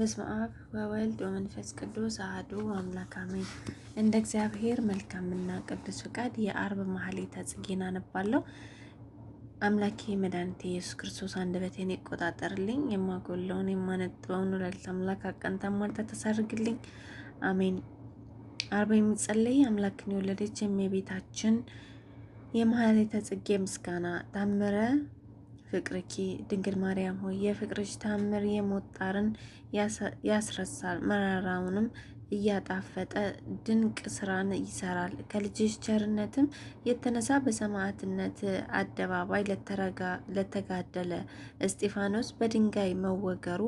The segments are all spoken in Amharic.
በስመ አብ ወወልድ ወመንፈስ ቅዱስ አሐዱ አምላክ አሜን። እንደ እግዚአብሔር መልካምና ቅዱስ ፍቃድ የአርብ ማህሌተ ጽጌን አነባለሁ። አምላኬ መድኃኒቴ ኢየሱስ ክርስቶስ አንደበቴን ይቆጣጠርልኝ፣ የማጎለውን የማነጥበውን ወላዲተ አምላክ አቃንታ ማርታ ተሳርግልኝ። አሜን። አርብ የሚጸለይ አምላክን የወለደች የእመቤታችን የማህሌተ ጽጌ ምስጋና ታምረ ፍቅርኪ ድንግል ማርያም ሆይ የፍቅርሽ ታምር የሞጣርን ያስረሳል መራራውንም እያጣፈጠ ድንቅ ስራን ይሰራል። ከልጅሽ ቸርነትም የተነሳ በሰማዕትነት አደባባይ ለተጋደለ እስጢፋኖስ በድንጋይ መወገሩ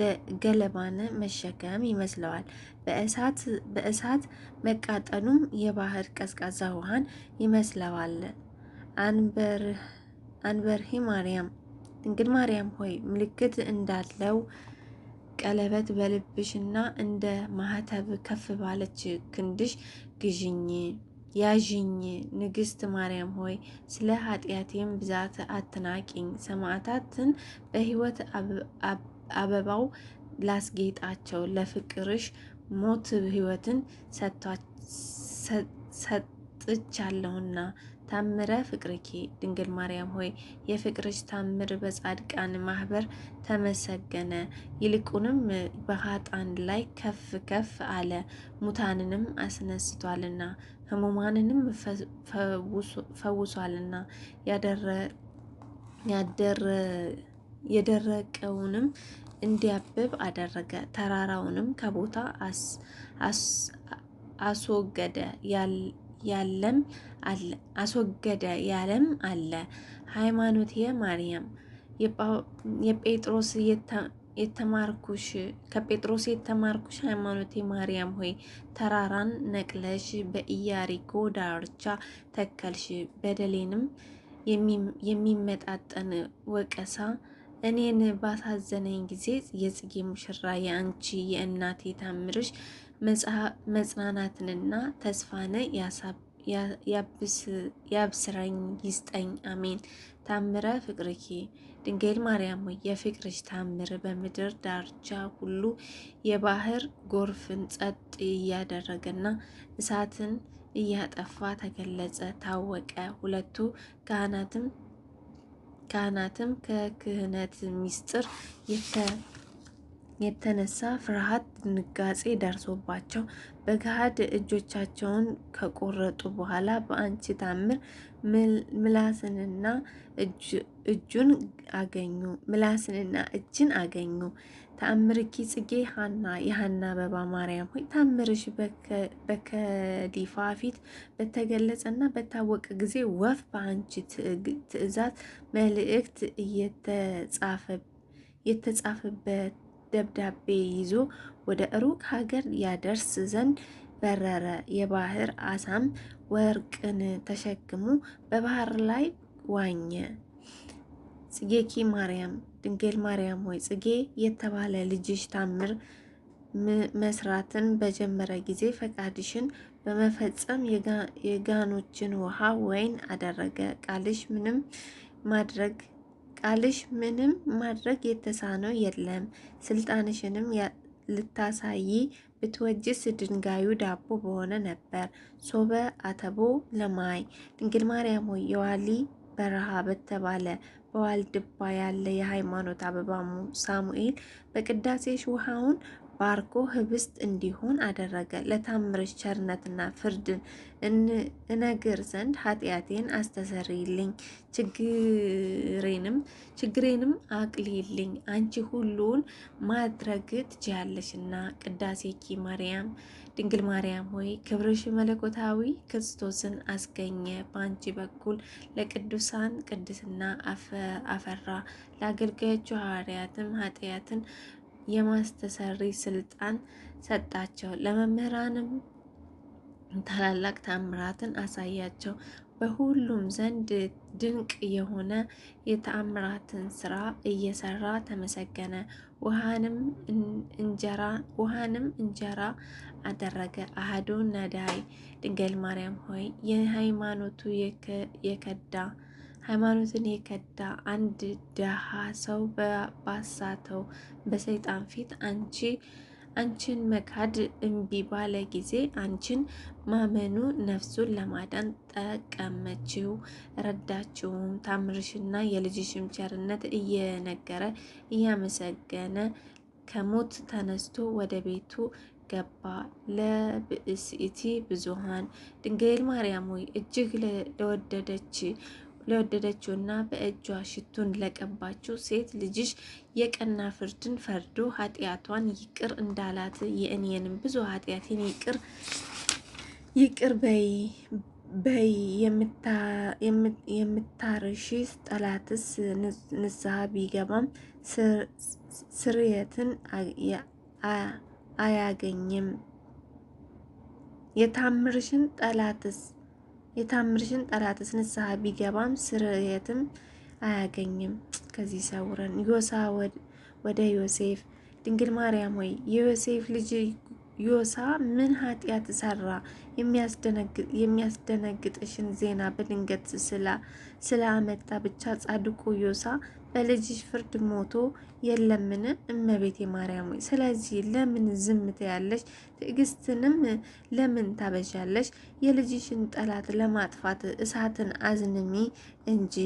ለገለባን መሸከም ይመስለዋል። በእሳት መቃጠሉም የባህር ቀዝቃዛ ውሃን ይመስለዋል። አንበር አንበርሂ ማርያም ድንግል ማርያም ሆይ ምልክት እንዳለው ቀለበት በልብሽና እንደ ማህተብ ከፍ ባለች ክንድሽ ግዥኝ ያዥኝ። ንግስት ማርያም ሆይ ስለ ኃጢአቴም ብዛት አትናቂኝ። ሰማዕታትን በህይወት አበባው ላስጌጣቸው ለፍቅርሽ ሞት ህይወትን ሰጥቻለሁና ታምረ ፍቅርኪ ድንግል ማርያም ሆይ የፍቅርሽ ታምር በጻድቃን ማህበር ተመሰገነ፣ ይልቁንም በሀጣን ላይ ከፍ ከፍ አለ። ሙታንንም አስነስቷልና ህሙማንንም ፈውሷልና የደረቀውንም እንዲያብብ አደረገ። ተራራውንም ከቦታ አስወገደ። ያለም አለ አስወገደ ያለም አለ። ሃይማኖት የማርያም የጴጥሮስ የተማርኩሽ ከጴጥሮስ የተማርኩሽ ሃይማኖቴ ማርያም ሆይ ተራራን ነቅለሽ በኢያሪኮ ዳርቻ ተከልሽ። በደሌንም የሚመጣጠን ወቀሳ እኔን ባሳዘነኝ ጊዜ የጽጌ ሙሽራ የአንቺ የእናቴ ታምርሽ መጽናናትንና ተስፋን ያብስረኝ ይስጠኝ፣ አሜን። ታምረ ፍቅርኪ ድንግል ማርያም ሆይ የፍቅርሽ ታምር በምድር ዳርቻ ሁሉ የባህር ጎርፍን ጸጥ እያደረገና እሳትን እያጠፋ ተገለጸ፣ ታወቀ። ሁለቱ ካህናትም ካህናትም ከክህነት ምስጢር የተነሳ ፍርሃት ድንጋጼ ደርሶባቸው በገሃድ እጆቻቸውን ከቆረጡ በኋላ በአንቺ ታምር ምላስንና እጁን አገኙ ምላስንና እጅን አገኙ። ተአምርኪ ጽጌ ሀና የሀና አበባ ማርያም ሆይ ታምርሽ በከዲፋ ፊት በተገለጸና በታወቀ ጊዜ ወፍ በአንቺ ትእዛዝ መልእክት የተጻፈበት ደብዳቤ ይዞ ወደ ሩቅ ሀገር ያደርስ ዘንድ በረረ። የባህር አሳም ወርቅን ተሸክሞ በባህር ላይ ዋኘ። ጽጌኪ ማርያም ድንግል ማርያም ሆይ ጽጌ የተባለ ልጅሽ ታምር መስራትን በጀመረ ጊዜ ፈቃድሽን በመፈጸም የጋኖችን ውሃ ወይን አደረገ። ቃልሽ ምንም ማድረግ ቃልሽ ምንም ማድረግ የተሳነው የለም። ስልጣንሽንም ልታሳይ ብትወጅስ ድንጋዩ ዳቦ በሆነ ነበር። ሶበ አተቦ ለማይ ድንግል ማርያም ሆይ የዋሊ በረሃ በተባለ በዋልድባ ያለ የሃይማኖት አበባ ሳሙኤል በቅዳሴሽ ውሃውን ባርኮ ህብስት እንዲሆን አደረገ። ለታምርሽ ቸርነትና ፍርድን እነግር ዘንድ ኃጢአቴን አስተሰርይልኝ፣ ችግሬንም ችግሬንም አቅልይልኝ አንቺ ሁሉን ማድረግ ትችያለሽና። ቅዳሴኪ ማርያም ድንግል ማርያም ሆይ ክብርሽ መለኮታዊ ክርስቶስን አስገኘ። በአንቺ በኩል ለቅዱሳን ቅድስና አፈራ፣ ለአገልጋዮቹ ሐዋርያትም ኃጢአትን የማስተሰሪ ስልጣን ሰጣቸው። ለመምህራንም ታላላቅ ተአምራትን አሳያቸው። በሁሉም ዘንድ ድንቅ የሆነ የተአምራትን ስራ እየሰራ ተመሰገነ። ውሃንም እንጀራ አደረገ። አሐዱ ነዳይ ድንግል ማርያም ሆይ የሃይማኖቱ የከዳ ሃይማኖትን የከዳ አንድ ደሃ ሰው ባሳተው በሰይጣን ፊት አንቺ አንቺን መካድ እምቢ ባለ ጊዜ አንቺን ማመኑ ነፍሱን ለማዳን ጠቀመችው፣ ረዳችውም። ታምርሽና የልጅሽም ቸርነት እየነገረ እያመሰገነ ከሞት ተነስቶ ወደ ቤቱ ገባ። ለብእስኢቲ ብዙሃን ድንግል ማርያም ሆይ እጅግ ለወደደች ለወደደችውና በእጇ ሽቱን ለቀባችው ሴት ልጅሽ የቀና ፍርድን ፈርዶ ኃጢአቷን ይቅር እንዳላት የእኔንም ብዙ ኃጢአቴን ይቅር ይቅር በይ በይ የምታርሺስ ጠላትስ ንስሐ ቢገባም ስርየትን አያገኝም። የታምርሽን ጠላትስ የታምርሽን ጠላትስ ንስሐ ቢገባም ስርየትም አያገኝም። ከዚህ ሰውረን። ዮሳ ወደ ዮሴፍ ድንግል ማርያም ሆይ የዮሴፍ ልጅ ዮሳ ምን ኃጢአት ሰራ? የሚያስደነግጥሽን ዜና በድንገት ስላመጣ ብቻ ጻድቁ ዮሳ በልጅሽ ፍርድ ሞቶ የለምን? እመቤቴ ማርያም ሆይ ስለዚህ ለምን ዝም ትያለሽ? ትዕግስትንም ለምን ታበዣለሽ? የልጅሽን ጠላት ለማጥፋት እሳትን አዝንሚ እንጂ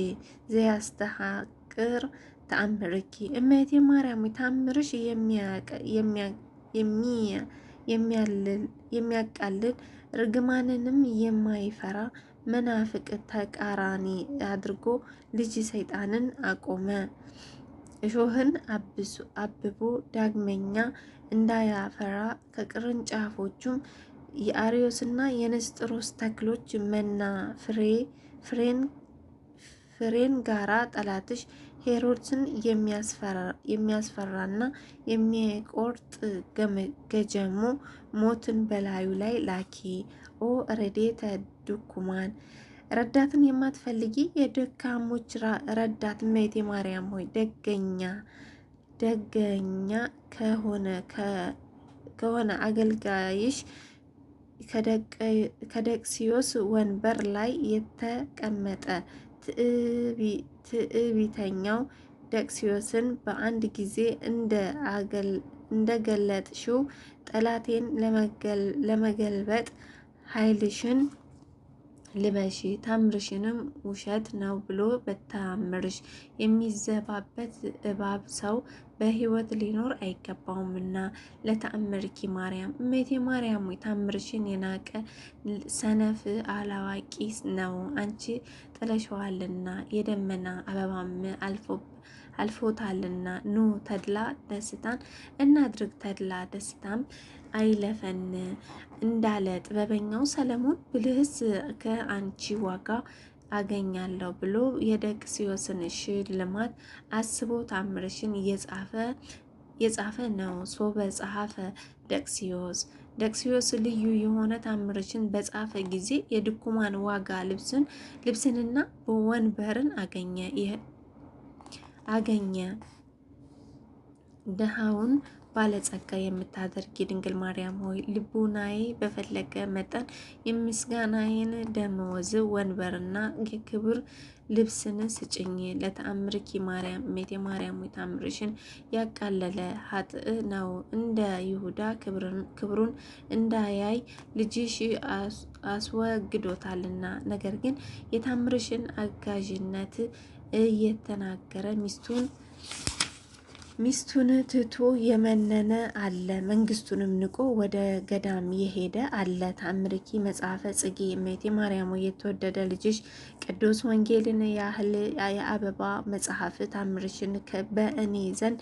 ዘያስተሃቅር ተአምርኪ። እመቤቴ ማርያም ሆይ ታምርሽ የሚያቃልል ርግማንንም የማይፈራ መናፍቅ ተቃራኒ አድርጎ ልጅ ሰይጣንን አቆመ። እሾህን አብቦ ዳግመኛ እንዳያፈራ ከቅርንጫፎቹም የአሪዮስና የንስጥሮስ ተክሎች መና ፍሬን ጋራ ጠላትሽ ሄሮድስን የሚያስፈራና የሚቆርጥ ገጀሞ ሞትን በላዩ ላይ ላኪ ኦ ረዴተ ድኩማን ረዳትን የማትፈልጊ የደካሞች ረዳት እመቤቴ ማርያም ሆይ ደገኛ ደገኛ ከሆነ ከሆነ አገልጋይሽ ከደቅሲዮስ ወንበር ላይ የተቀመጠ ትዕቢተኛው ደቅሲዮስን በአንድ ጊዜ እንደገለጥሽው ጠላቴን ለመገልበጥ ኃይልሽን ልበሺ ታምርሽንም ውሸት ነው ብሎ በታምርሽ የሚዘባበት እባብ ሰው በህይወት ሊኖር አይገባውምና ለታምርኪ ማርያም እመቴ ማርያም ወይ ታምርሽን የናቀ ሰነፍ አላዋቂ ነው አንቺ ጥለሸዋልና የደመና አበባም አልፎ አልፎታልና ኑ ተድላ ደስታን እናድርግ ተድላ ደስታም አይለፈን እንዳለ ጥበበኛው ሰለሞን ብልህስ ከአንቺ ዋጋ አገኛለሁ ብሎ የደቅስዮስን ሽልማት አስቦ ታምርሽን የጻፈ ነው። ሶበ በጸሐፈ ደቅሲዮስ ደቅሲዮስ ልዩ የሆነ ታምርሽን በጻፈ ጊዜ የድኩማን ዋጋ ልብስን ልብስንና ወንበርን አገኘ አገኘ ድሃውን ባለጸጋ የምታደርጊ ድንግል ማርያም ሆይ ልቡናዬ በፈለገ መጠን የምስጋናዬን ደመወዝ ወንበርና የክብር ልብስን ስጭኝ። ለተአምርኪ ማርያም ሜቴ ማርያም ሆይ ታምርሽን ያቃለለ ሀጥእ ነው እንደ ይሁዳ ክብሩን እንዳያይ ልጅሽ አስወግዶታልና። ነገር ግን የታምርሽን አጋዥነት እየተናገረ ሚስቱን ሚስቱን ትቶ የመነነ አለ፣ መንግስቱንም ንቆ ወደ ገዳም የሄደ አለ። ታምርኪ መጽሐፈ ጽጌ እመቴ ማርያም የተወደደ ልጅሽ ቅዱስ ወንጌልን ያህል የአበባ መጽሐፍ ታምርሽን በእኔ ዘንድ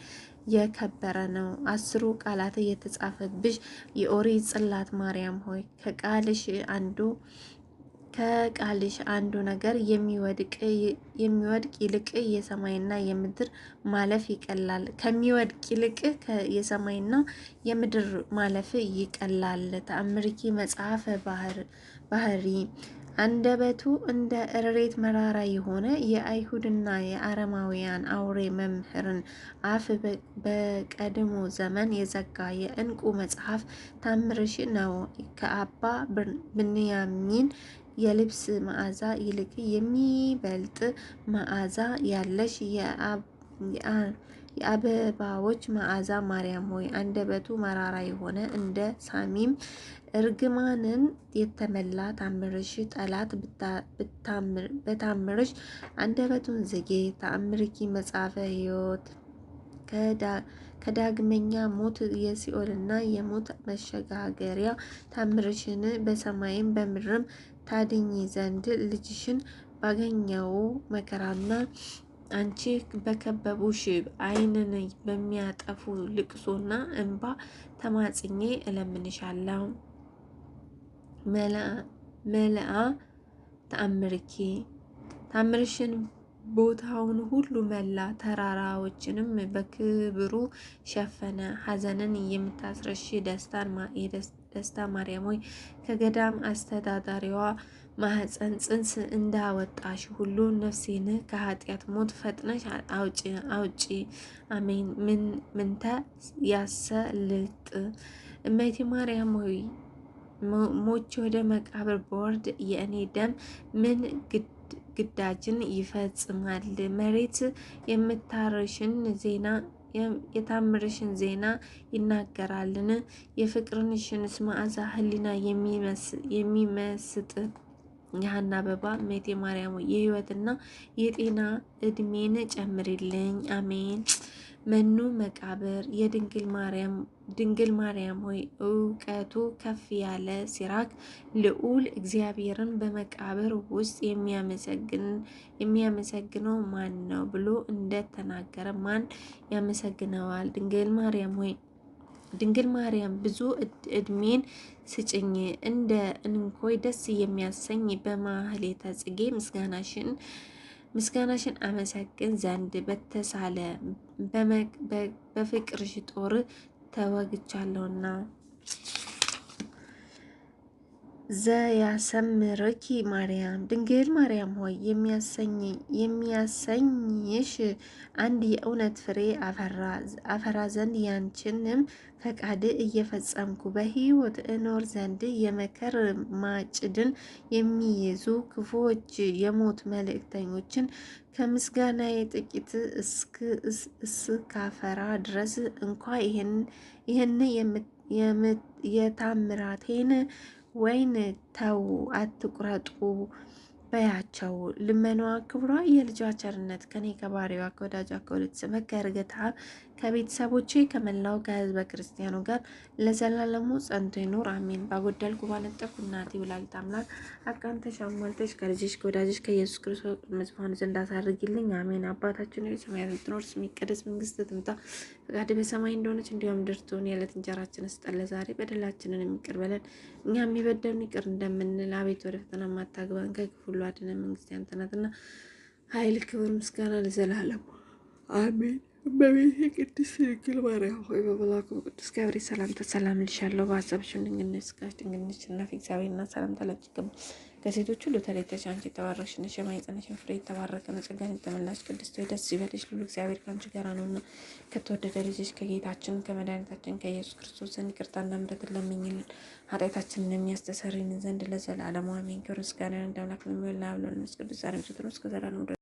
የከበረ ነው። አስሩ ቃላት የተጻፈብሽ የኦሪ ጽላት ማርያም ሆይ ከቃልሽ አንዱ ከቃልሽ አንዱ ነገር የሚወድቅ ይልቅ የሰማይና የምድር ማለፍ ይቀላል። ከሚወድቅ ይልቅ የሰማይና የምድር ማለፍ ይቀላል። ተአምርኪ መጽሐፈ ባህሪ አንደበቱ እንደ እሬት መራራ የሆነ የአይሁድና የአረማውያን አውሬ መምህርን አፍ በቀድሞ ዘመን የዘጋ የእንቁ መጽሐፍ ታምርሽ ነው። ከአባ ብንያሚን የልብስ መዓዛ ይልቅ የሚበልጥ መዓዛ ያለሽ የአበባዎች መዓዛ ማርያም ሆይ አንደበቱ መራራ የሆነ እንደ ሳሚም እርግማንን የተመላ ታምርሽ ጠላት በታምርሽ አንደበቱን ዝጌ ተአምርኪ መጽሐፈ ሕይወት ከዳግመኛ ሞት የሲኦልና የሞት መሸጋገሪያ ታምርሽን በሰማይም በምድርም ታድኝ ዘንድ ልጅሽን ባገኘው መከራና አንቺ በከበቡሽ አይንን በሚያጠፉ ልቅሶና እንባ ተማጽኜ እለምንሻለሁ። መልአ ተአምርኪ ታምርሽን ቦታውን ሁሉ መላ፣ ተራራዎችንም በክብሩ ሸፈነ። ሐዘንን የምታስረሽ ደስታን ደስታ ማርያም ሆይ ከገዳም አስተዳዳሪዋ ማህፀን ጽንስ እንዳወጣሽ ሁሉ ነፍሴን ከኃጢአት ሞት ፈጥነሽ አውጪ አውጪ። አሜን። ምን ምንተ ያሰልጥ እመቴ ማርያም ሆይ ሞች ወደ መቃብር ቦርድ የእኔ ደም ምን ግዳጅን ይፈጽማል? መሬት የምታርሽን ዜና የታምርሽን ዜና ይናገራልን? የፍቅርንሽንስ መዓዛ ህሊና የሚመስጥ የሀና አበባ ሜቴ ማርያም የህይወትና የጤና እድሜን ጨምሪልኝ፣ አሜን። መኑ መቃብር የድንግል ማርያም ድንግል ማርያም ሆይ እውቀቱ ከፍ ያለ ሲራክ ልዑል እግዚአብሔርን በመቃብር ውስጥ የሚያመሰግነው ማን ነው ብሎ እንደተናገረ ማን ያመሰግነዋል? ድንግል ማርያም ሆይ ድንግል ማርያም ብዙ እድሜን ስጭኝ እንደ እንኮይ ደስ የሚያሰኝ በማህሌተ ጽጌ ምስጋናሽን ምስጋናሽን አመሰግን ዘንድ በተሳለ በፍቅርሽ ጦር ተወግቻለሁና ዘያሰምርኪ ማርያም ድንግል ማርያም ሆይ የሚያሰኝሽ አንድ የእውነት ፍሬ አፈራ ዘንድ ያንችንም ፈቃድ እየፈጸምኩ በሕይወት እኖር ዘንድ የመከር ማጭድን የሚይዙ ክፉዎች የሞት መልእክተኞችን ከምስጋና የጥቂት እስካፈራ ድረስ እንኳ ይህን የታምራቴን ወይን ተው አትቁረጡ በያ ናቸው። ልመናዋ፣ ክብሯ፣ የልጇ ቸርነት ከኔ ከባሪዋ ከወዳጇ ከሁለት ስመት ከእርግታ ከቤተሰቦቼ ከመላው ከህዝበ ክርስቲያኑ ጋር ለዘላለሙ ጸንቶ ይኑር አሜን። ባጎደልኩ ባነጠፍኩ እናቴ ወላዲተ አምላክ አቃንተሽ አሟልተሽ ከልጅሽ ከወዳጅሽ ከኢየሱስ ክርስቶስ መዝፋኑ ዘንድ አሳርግልኝ አሜን። አባታችን ሆይ በሰማያት የምትኖር ስምህ ይቀደስ፣ መንግስትህ ትምጣ፣ ፈቃድህ በሰማይ እንደሆነች እንዲሁም በምድር ትሁን። የዕለት እንጀራችንን ስጠን ዛሬ፣ በደላችንን ይቅር በለን እኛም የበደሉንን ይቅር እንደምንል፣ አቤት ወደ ፈተና አታግባን ከክፉ ሁሉ አድነን መንግስት ያንተ ናትና ኃይል፣ ክብር፣ ምስጋና ለዘላለሙ አሜን። በቤት ቅድስት ድንግል ማርያም ሆይ በመላኩ ቅዱስ ገብርኤል ሰላምታ ሰላም ልሻለሁ። በሀሳብሽ ድንግል ስጋሽ ድንግል እግዚአብሔርና ሰላምታ ከሴቶች ሁሉ ተለይተሽ አንቺ የተባረክሽ ነሽ፣ የማኅፀንሽን ፍሬ የተባረከ ነው። ጸጋን የተመላሽ ቅድስት ሆይ ደስ ይበልሽ፣ ልዑል እግዚአብሔር ከአንቺ ጋር ነውና ከተወደደ ልጅሽ ከጌታችን ከመድኃኒታችን ከኢየሱስ ክርስቶስ ዘንድ ይቅርታና ምሕረትን ለምኝልን ኃጢአታችንን የሚያስተሰርይልን ዘንድ ለዘላለሙ አሜን። ክብር ምስጋና ለአምላክ ለሚሆን ለአብ ለመንፈስ ቅዱስ ዛሬም ዘወትርም እስከ ዘላለሙ ድረስ